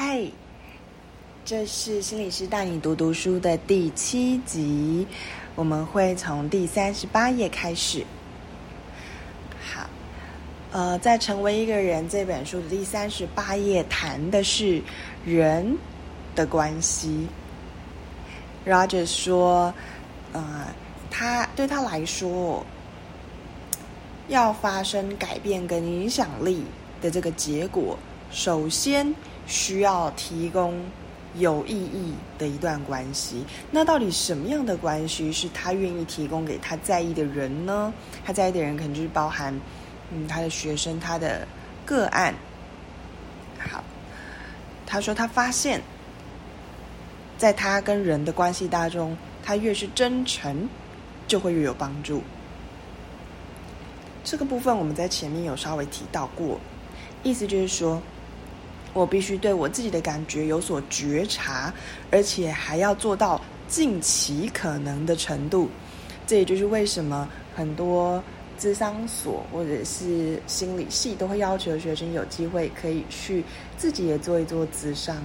嗨，hey, 這是心理師帶你讀讀書的第七集，我們會從第三十八頁開始。好，呃，在《成為一個人》這本書的第三十八頁，談的是人的關係。Roger 說，呃，他對他來說，要發生改變跟影響力的這個結果，首先。需要提供有意義的一段關係，那到底什麼樣的關係是他願意提供給他在意的人呢？他在意的人可能就是包含，嗯，他的學生，他的個案。好，他說他發現，在他跟人的關係當中，他越是真誠，就會越有幫助。這個部分我們在前面有稍微提到過，意思就是說，我必須對我自己的感覺有所覺察，而且還要做到盡其可能的程度。這也就是為什麼很多智商諮商所或者是心理系都會要求學生有機會可以去自己也做一做諮商，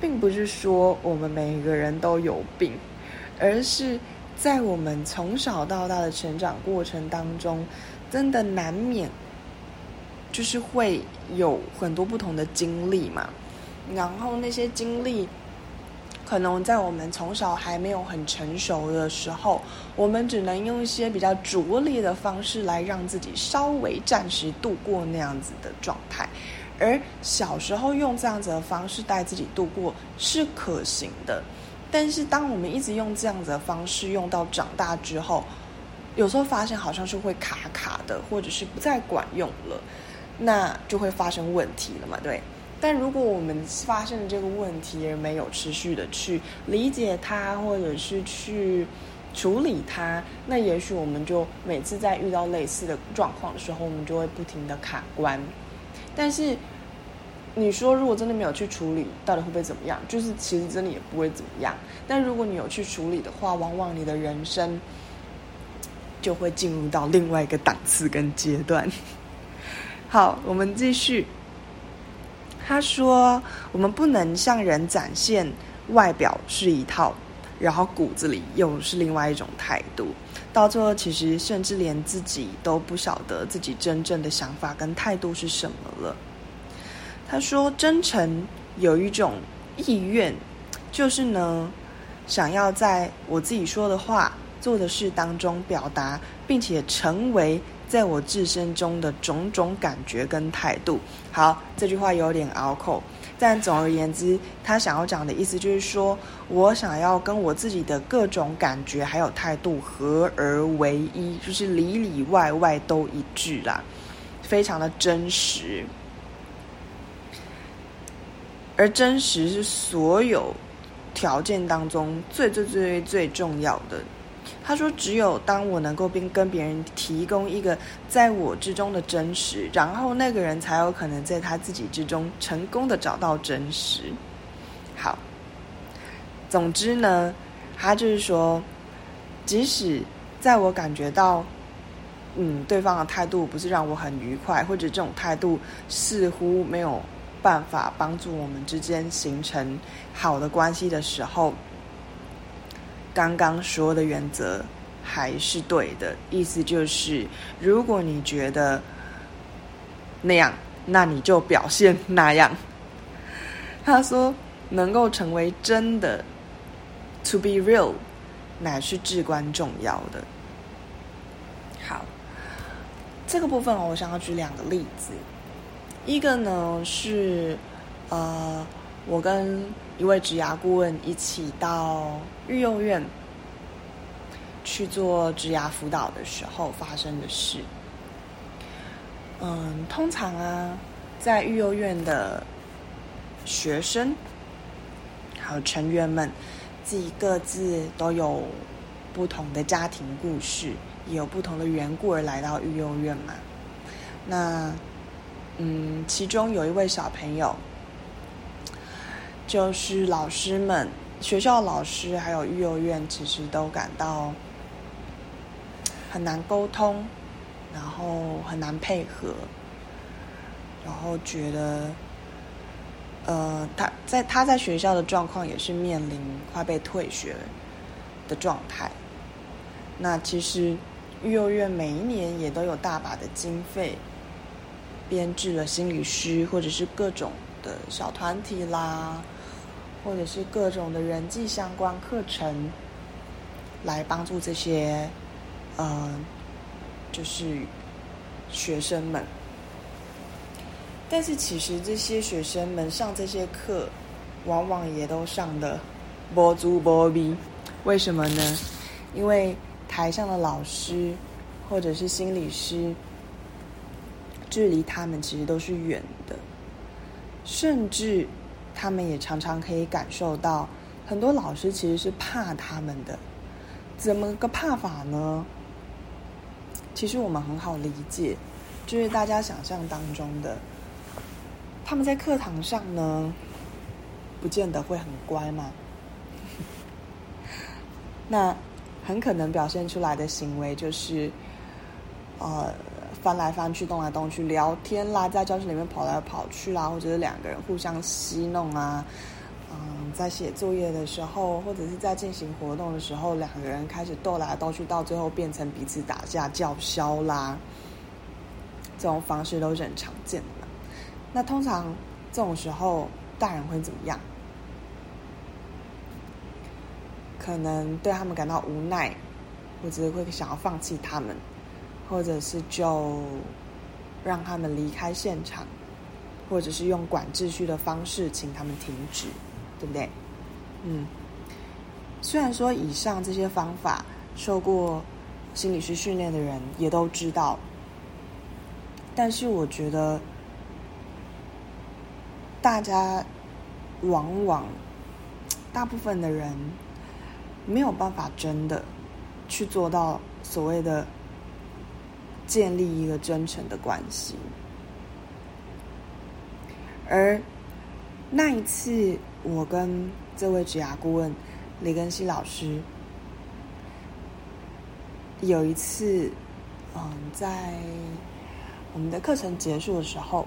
並不是說我們每個人都有病，而是在我們從小到大的成長過程當中，真的難免。就是會有很多不同的經歷嘛，然後那些經歷，可能在我們從小還沒有很成熟的時候，我們只能用一些比較拙劣的方式來讓自己稍微暫時度過那樣子的狀態。而小時候用這樣子的方式帶自己度過是可行的，但是當我們一直用這樣子的方式用到長大之後，有時候發現好像是會卡卡的，或者是不再管用了。那就會發生問題了嘛。對，但如果我們發現這個問題而沒有持續的去理解它，或者是去處理它，那也許我們就每次在遇到類似的狀況的時候，我們就會不停地卡關。但是你說，如果真的沒有去處理，到底會不會怎麼樣？就是其實真的也不會怎麼樣。但如果你有去處理的話，往往你的人生就會進入到另外一個檔次跟階段。好，我們繼續。他說：“我們不能向人展現外表是一套，然後骨子裡又是另外一種態度。到最後，其實甚至連自己都不曉得自己真正的想法跟態度是什麼了。”他說：“真誠有一種意願，就是呢，想要在我自己說的話、做的事當中表達，並且成為。”在我自身中的種種感覺跟態度，好，這句話有點拗口，但總而言之，他想要講的意思就是說，我想要跟我自己的各種感覺還有態度合而為一，就是裡裡外外都一致啦，非常的真實，而真實是所有條件當中最最最最最重要的。他說：“只有當我能夠並跟別人提供一個在我之中的真實，然後那個人才有可能在他自己之中成功的找到真實。”好，總之呢，他就是說，即使在我感覺到，嗯，對方的態度不是讓我很愉快，或者這種態度似乎沒有辦法幫助我們之間形成好的關係的時候。剛剛說的原則還是對的，意思就是，如果你覺得那樣，那你就表現那樣。他說，能夠成為真的，to be real，乃是至關重要的。好，這個部分、哦、我想要舉兩個例子，一個呢是，呃，我跟一位職涯顧問一起到。育幼院去做職涯輔導的時候發生的事。嗯，通常啊，在育幼院的學生還有成員們，自己各自都有不同的家庭故事，也有不同的緣故而來到育幼院嘛。那，嗯，其中有一位小朋友，就是老師們。學校老師還有育幼院其實都感到很難溝通，然後很難配合，然後覺得，呃，他在他在學校的狀況也是面臨快被退學的狀態。那其實育幼院每一年也都有大把的經費，編制了心理師或者是各種的小團體啦。或者是各種的人際相關課程，來幫助這些，呃，就是學生們。但是其實這些學生們上這些課，往往也都上的無滋無味。為什麼呢？因為台上的老師或者是心理師，距離他們其實都是遠的，甚至。他們也常常可以感受到，很多老師其實是怕他們的，怎麼個怕法呢？其實我們很好理解，就是大家想象當中的，他們在課堂上呢，不見得會很乖嘛， 那很可能表現出來的行為就是，呃。翻來翻去，動來動去，聊天啦，在教室裡面跑來跑去啦，或者是兩個人互相戲弄啊，嗯，在寫作業的時候，或者是在進行活動的時候，兩個人開始鬥來鬥去，到最後變成彼此打架叫囂啦，這種方式都是很常見的嘛。那通常這種時候，大人會怎麼樣？可能對他們感到無奈，或者是會想要放棄他們。或者是就讓他們離開現場，或者是用管秩序的方式請他們停止，對不對？嗯。雖然說以上這些方法，受過心理師訓練的人也都知道，但是我覺得大家往往大部分的人沒有辦法真的去做到所謂的。建立一個真誠的關係，而那一次，我跟這位職涯顧問李根熙老師有一次，嗯，在我們的課程結束的時候，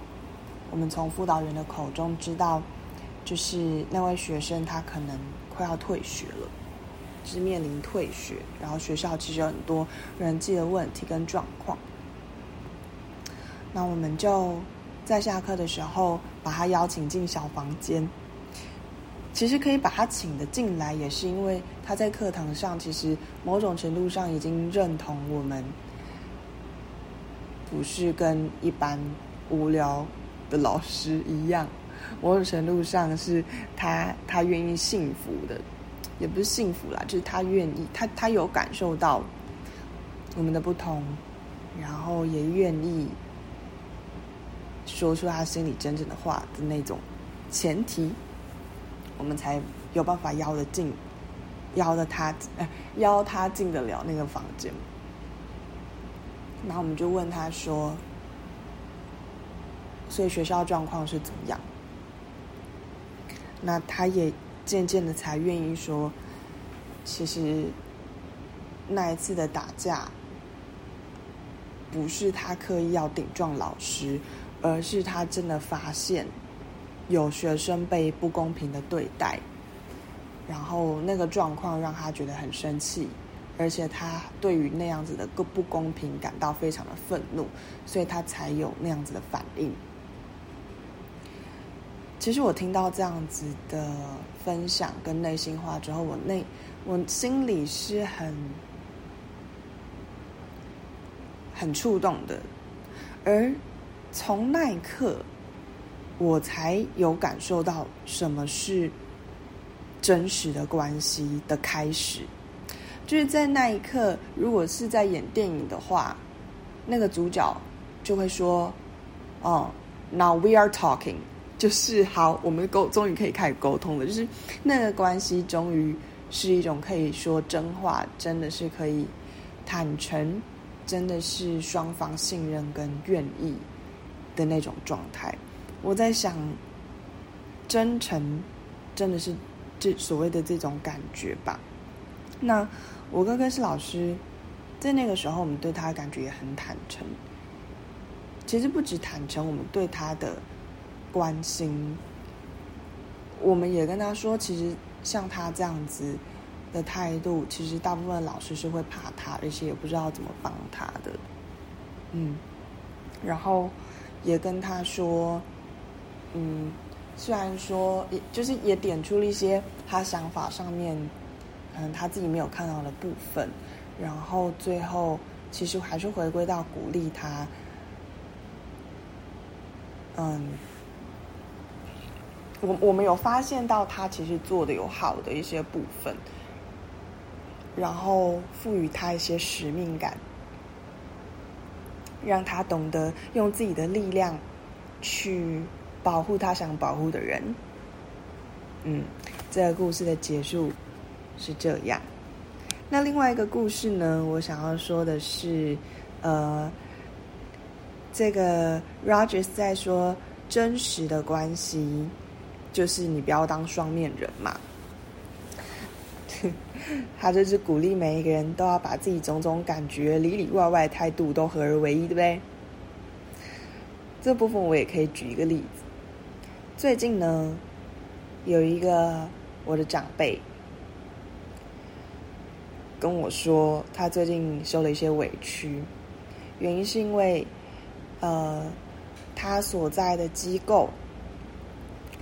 我們從輔導員的口中知道，就是那位學生他可能快要退學了，就是面臨退學，然後學校其實有很多人際的問題跟狀況。那我們就在下課的時候把他邀請進小房間。其實可以把他請得進來，也是因為他在課堂上，其實某種程度上已經認同我們，不是跟一般無聊的老師一樣。某種程度上是他，他願意信服的，也不是信服啦，就是他願意，他他有感受到我們的不同，然後也願意，說出他心裡真正的話的那種前提，我們才有辦法邀得進，邀得他邀他進得了那個房間。然後我們就問他說：“所以學校狀況是怎麼樣？”那他也漸漸的才願意說：“其實那一次的打架不是他刻意要頂撞老師。”而是他真的發現有學生被不公平的對待，然後那個狀況讓他覺得很生氣，而且他對於那樣子的不公平感到非常的憤怒，所以他才有那樣子的反應。其實我聽到這樣子的分享跟內心話之後，我內我心裡是很很觸動的，而。從那一刻，我才有感受到什麼是真實的關係的開始。就是在那一刻，如果是在演電影的話，那個主角就會說：“哦，Now we are talking。”就是好，我們溝終於可以開始溝通了。就是那個關係，終於是一種可以說真話，真的是可以坦誠，真的是雙方信任跟願意，的那種狀態，我在想，真誠真的是這所謂的這種感覺吧？那我跟跟師老師在那個時候，我們對他的感覺也很坦誠。其實不止坦誠，我們對他的關心，我們也跟他說，其實像他這樣子的態度，其實大部分老師是會怕他，而且也不知道怎麼幫他的。嗯，然後。也跟他說，嗯，雖然說，也就是也點出了一些他想法上面，嗯，他自己沒有看到的部分，然後最後其實還是回歸到鼓勵他，嗯，我我們有發現到他其實做得有好的一些部分，然後賦予他一些使命感。讓他懂得用自己的力量去保護他想保護的人。嗯，這個故事的結束是這樣。那另外一個故事呢？我想要說的是，呃，這個 Rogers 在說真實的關係就是你不要當雙面人嘛。他就是鼓勵每一個人都要把自己種種感覺、裡裡外外的態度都合而為一，對不對？這部分我也可以舉一個例子。最近呢，有一個我的長輩跟我說，他最近受了一些委屈，原因是因為，呃，他所在的機構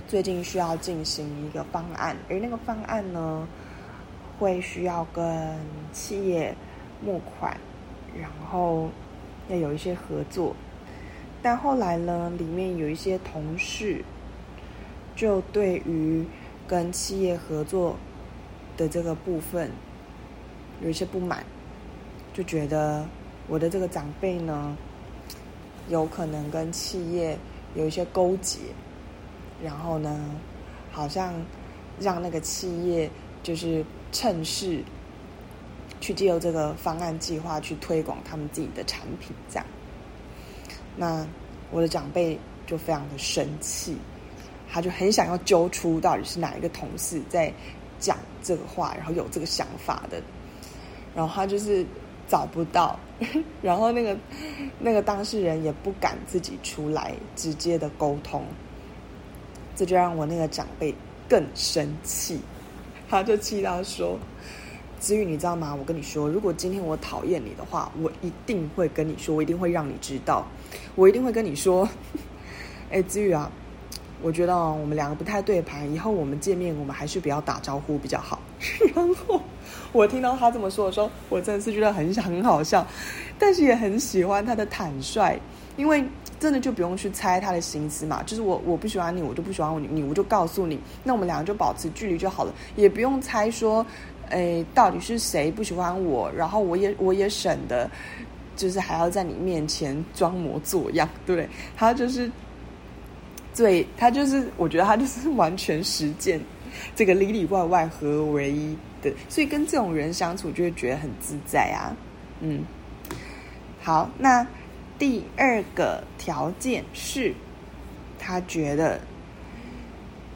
最近需要進行一個方案，而那個方案呢，會需要跟企業募款，然後要有一些合作，但後來呢，裡面有一些同事就對於跟企業合作的這個部分有一些不滿，就覺得我的這個長輩呢有可能跟企業有一些勾結，然後呢，好像讓那個企業就是。趁勢去借由這個方案計劃去推廣他們自己的產品，這樣。那我的長輩就非常的生氣，他就很想要揪出到底是哪一個同事在講這個話，然後有這個想法的。然後他就是找不到，然後那個那個當事人也不敢自己出來直接的溝通，這就讓我那個長輩更生氣。他就氣他說：“子宇，你知道嗎？我跟你說，如果今天我討厭你的話，我一定會跟你說，我一定會讓你知道，我一定會跟你說。哎，子宇啊，我覺得我們兩個不太對盤，以後我們見面，我們還是不要打招呼比較好。”然後我聽到他這麼說的時候，我真的是覺得很像很好笑，但是也很喜歡他的坦率。因為真的就不用去猜他的心思嘛，就是我我不喜歡你，我就不喜歡你，你我就告訴你，那我們兩個就保持距離就好了，也不用猜說，誒，到底是誰不喜歡我，然後我也我也省得，就是還要在你面前裝模作樣，對，他就是，對，他就是，我覺得他就是完全實踐這個裡裡外外合為一的，所以跟這種人相處就會覺得很自在啊，嗯，好，那。第二個條件是，他覺得，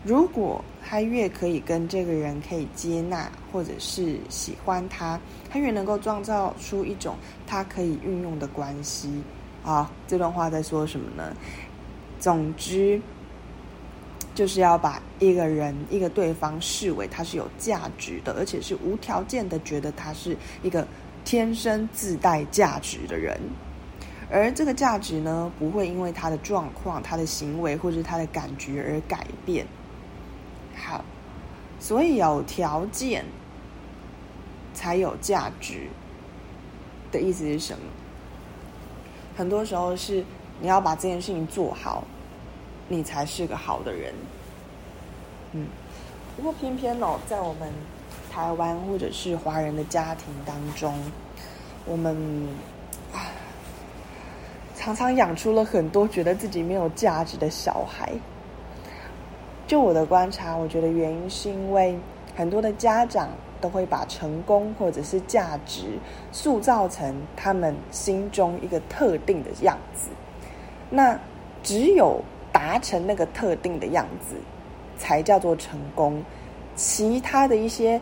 如果他越可以跟這個人可以接納，或者是喜歡他，他越能夠創造出一種他可以運用的關係。啊，這段話在說什麼呢？總之，就是要把一個人、一個對方視為他是有價值的，而且是無條件的，覺得他是一個天生自帶價值的人。而這個價值呢，不會因為他的狀況、他的行為或者他的感覺而改變。好，所以有條件才有價值的意思是什麼？很多時候是你要把這件事情做好，你才是個好的人。嗯，不過偏偏哦，在我們台灣或者是華人的家庭當中，我們。常常養出了很多覺得自己沒有價值的小孩。就我的觀察，我覺得原因是因為很多的家長都會把成功或者是價值塑造成他們心中一個特定的樣子。那只有達成那個特定的樣子，才叫做成功。其他的一些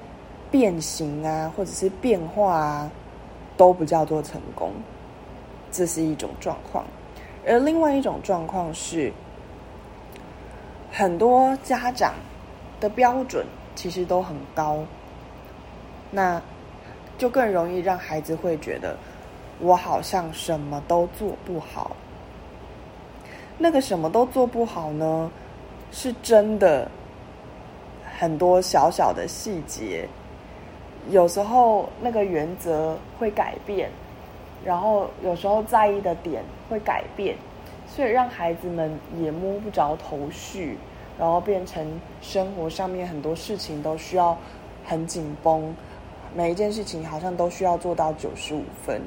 變形啊，或者是變化啊，都不叫做成功。這是一種狀況，而另外一種狀況是，很多家長的標準其實都很高，那就更容易讓孩子會覺得我好像什麼都做不好。那個什麼都做不好呢，是真的很多小小的細節，有時候那個原則會改變。然後有時候在意的點會改變，所以讓孩子們也摸不着頭緒，然後變成生活上面很多事情都需要很緊繃，每一件事情好像都需要做到九十五分。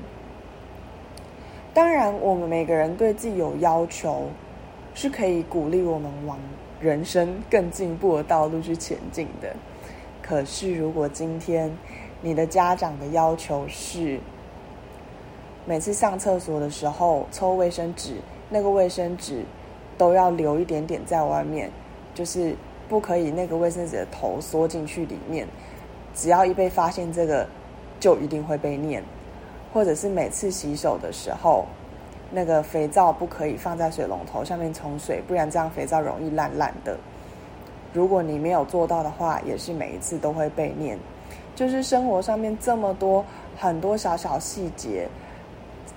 當然，我們每個人對自己有要求，是可以鼓勵我們往人生更進步的道路去前進的。可是，如果今天你的家長的要求是，每次上廁所的時候抽衛生紙，那個衛生紙都要留一點點在外面，就是不可以那個衛生紙的頭縮進去裡面。只要一被發現這個，就一定會被念。或者是每次洗手的時候，那個肥皂不可以放在水龍頭上面沖水，不然這樣肥皂容易爛爛的。如果你沒有做到的話，也是每一次都會被念。就是生活上面這麼多很多小小細節。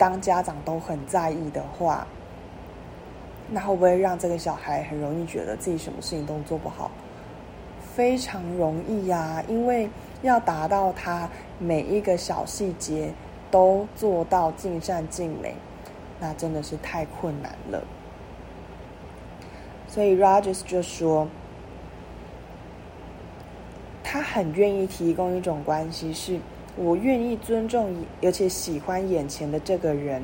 當家長都很在意的話，那會不會讓這個小孩很容易覺得自己什麼事情都做不好？非常容易啊！因為要達到他每一個小細節都做到盡善盡美，那真的是太困難了。所以 Rogers 就說，他很願意提供一種關係是。我願意尊重，而且喜歡眼前的這個人，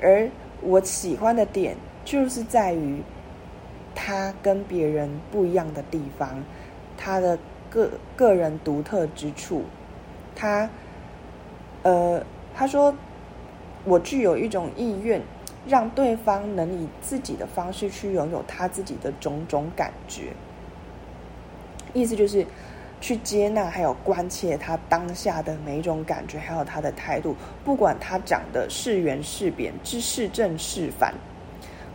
而我喜歡的點就是在於他跟別人不一樣的地方，他的個個人獨特之處，他，呃，他說我具有一種意願，讓對方能以自己的方式去擁有他自己的種種感覺，意思就是。去接納，還有關切他當下的每一種感覺，還有他的態度，不管他講的是圓是扁，是是正是反，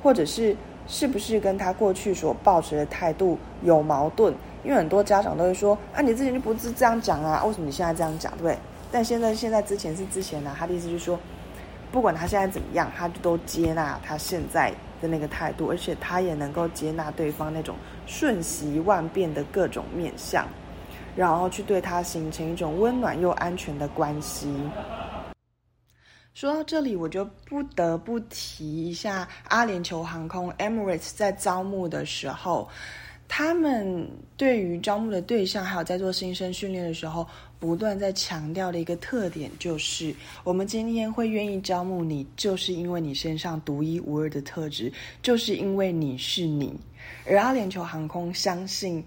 或者是是不是跟他過去所抱持的態度有矛盾，因為很多家長都會說啊，你之前就不是這樣講啊，為什麼你現在這樣講，對不對？但現在現在之前是之前呢、啊，他的意思就是說，不管他現在怎麼樣，他就都接納他現在的那個態度，而且他也能夠接納對方那種瞬息萬變的各種面相。然後去對他形成一種溫暖又安全的關係。說到這裡，我就不得不提一下阿聯酋航空 Emirates 在招募的時候，他們對於招募的對象，還有在做新生訓練的時候，不斷在強調的一個特點，就是我們今天會願意招募你，就是因為你身上獨一無二的特質，就是因為你是你。而阿聯酋航空相信。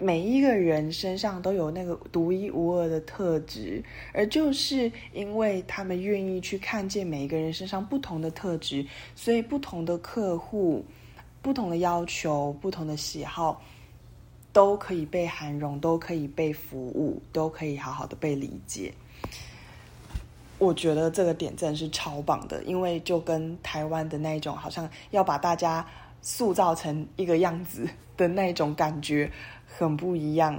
每一個人身上都有那個獨一無二的特質，而就是因為他們願意去看見每一個人身上不同的特質，所以不同的客戶、不同的要求、不同的喜好，都可以被涵容，都可以被服務，都可以好好的被理解。我覺得這個點真的是超棒的，因為就跟台灣的那種好像要把大家塑造成一個樣子的那種感覺。很不一樣，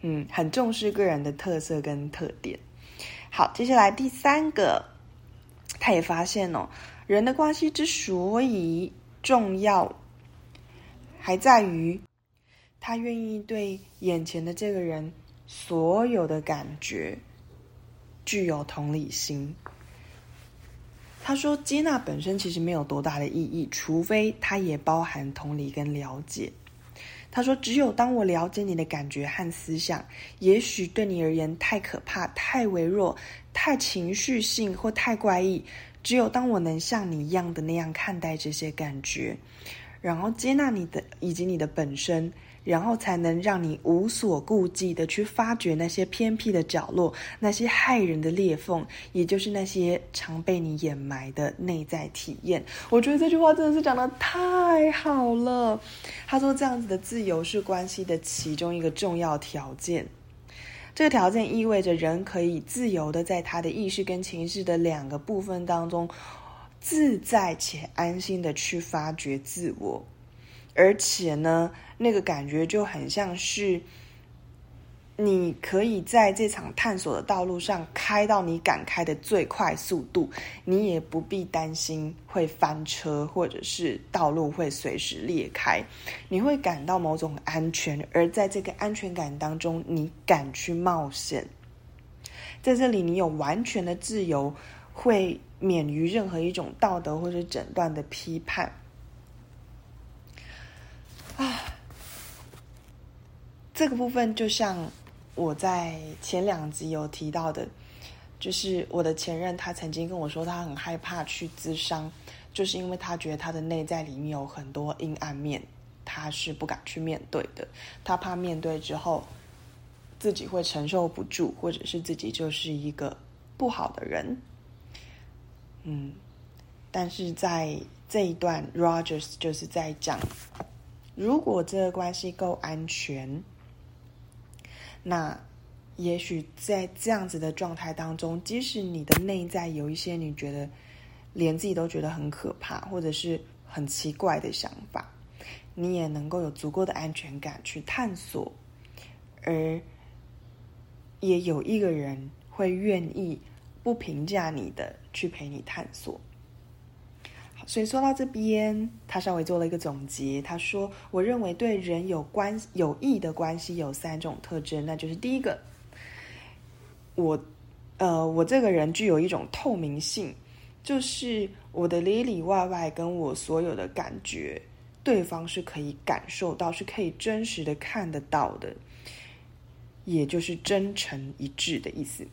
嗯，很重視個人的特色跟特點。好，接下來第三個，他也發現哦，人的關係之所以重要，還在於他願意對眼前的這個人所有的感覺具有同理心。他說，接納本身其實沒有多大的意義，除非他也包含同理跟了解。他說：“只有當我了解你的感覺和思想，也許對你而言太可怕、太微弱、太情緒性或太怪異，只有當我能像你一樣的那樣看待這些感覺，然後接納你的以及你的本身。”然後才能讓你無所顧忌的去發掘那些偏僻的角落，那些駭人的裂縫，也就是那些常被你掩埋的內在體驗。我覺得這句話真的是講得太好了。他說，這樣子的自由是關係的其中一個重要條件。這個條件意味着人可以自由的在他的意識跟情緒的兩個部分當中，自在且安心的去發掘自我。而且呢，那個感覺就很像是，你可以在這場探索的道路上開到你敢開的最快速度，你也不必擔心會翻車，或者是道路會隨時裂開，你會感到某種安全，而在這個安全感當中，你敢去冒險。在這裡，你有完全的自由，會免於任何一種道德或者診斷的批判。這個部分就像我在前兩集有提到的，就是我的前任他曾經跟我說，他很害怕去諮商，就是因為他覺得他的內在裡面有很多陰暗面，他是不敢去面對的，他怕面對之後自己會承受不住，或者是自己就是一個不好的人。嗯，但是在這一段，Rogers 就是在講，如果這個關係夠安全。那，也許在這樣子的狀態當中，即使你的內在有一些你覺得連自己都覺得很可怕，或者是很奇怪的想法，你也能夠有足夠的安全感去探索，而也有一個人會願意不評價你的去陪你探索。所以說到這邊，他稍微做了一個總結。他說：“我認為對人有關有益的關係有三種特徵，那就是第一個，我，呃，我這個人具有一種透明性，就是我的裡裡外外跟我所有的感覺，對方是可以感受到，是可以真實的看得到的，也就是真誠一致的意思。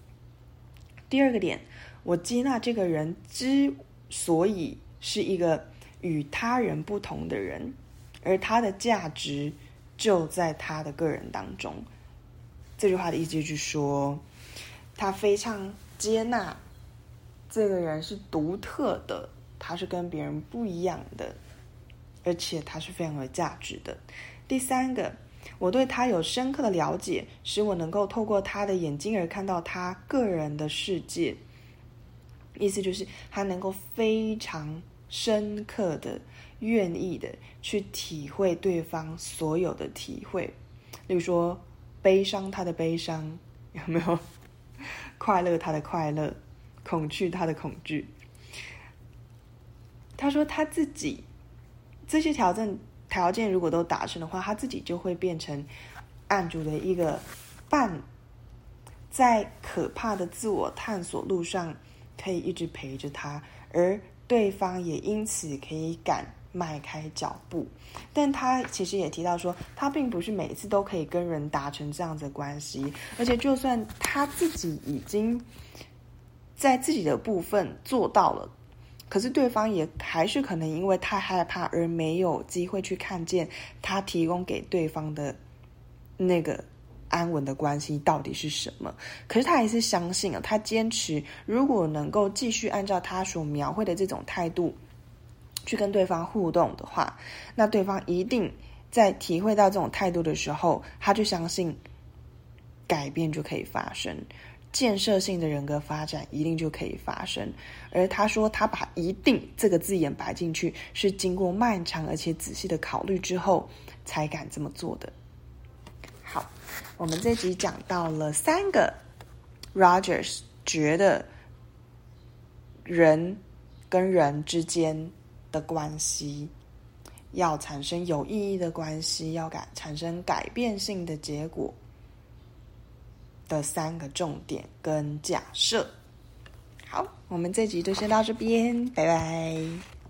第二個點，我接納這個人之所以。”是一個與他人不同的人，而他的價值就在他的個人當中。這句話的意思就是說，他非常接納這個人是獨特的，他是跟別人不一樣的，而且他是非常有價值的。第三個，我對他有深刻的了解，使我能夠透過他的眼睛而看到他個人的世界。意思就是他能夠非常。深刻的、願意的去體會對方所有的體會，例如說悲傷他的悲傷，有沒有快樂他的快樂，恐懼他的恐懼。他說他自己這些條件條件如果都達成的話，他自己就會變成案主的一個伴，在可怕的自我探索路上可以一直陪着他，而。對方也因此可以敢邁開腳步，但他其實也提到說，他並不是每次都可以跟人達成這樣子的關係，而且就算他自己已經在自己的部分做到了，可是對方也還是可能因為太害怕而沒有機會去看見他提供給對方的那個。安穩的關係到底是什麼？可是他還是相信啊，他堅持，如果能夠繼續按照他所描繪的這種態度去跟對方互動的話，那對方一定在體會到這種態度的時候，他就相信改變就可以發生，建設性的人格發展一定就可以發生。而他說他把“一定”這個字眼擺進去，是經過漫長而且仔細的考慮之後才敢這麼做的。我們這集講到了三個 Rogers 覺得人跟人之間的關係要產生有意義的關係，要改產生改變性的結果的三個重點跟假設。好，我們這集就先到這邊，拜拜。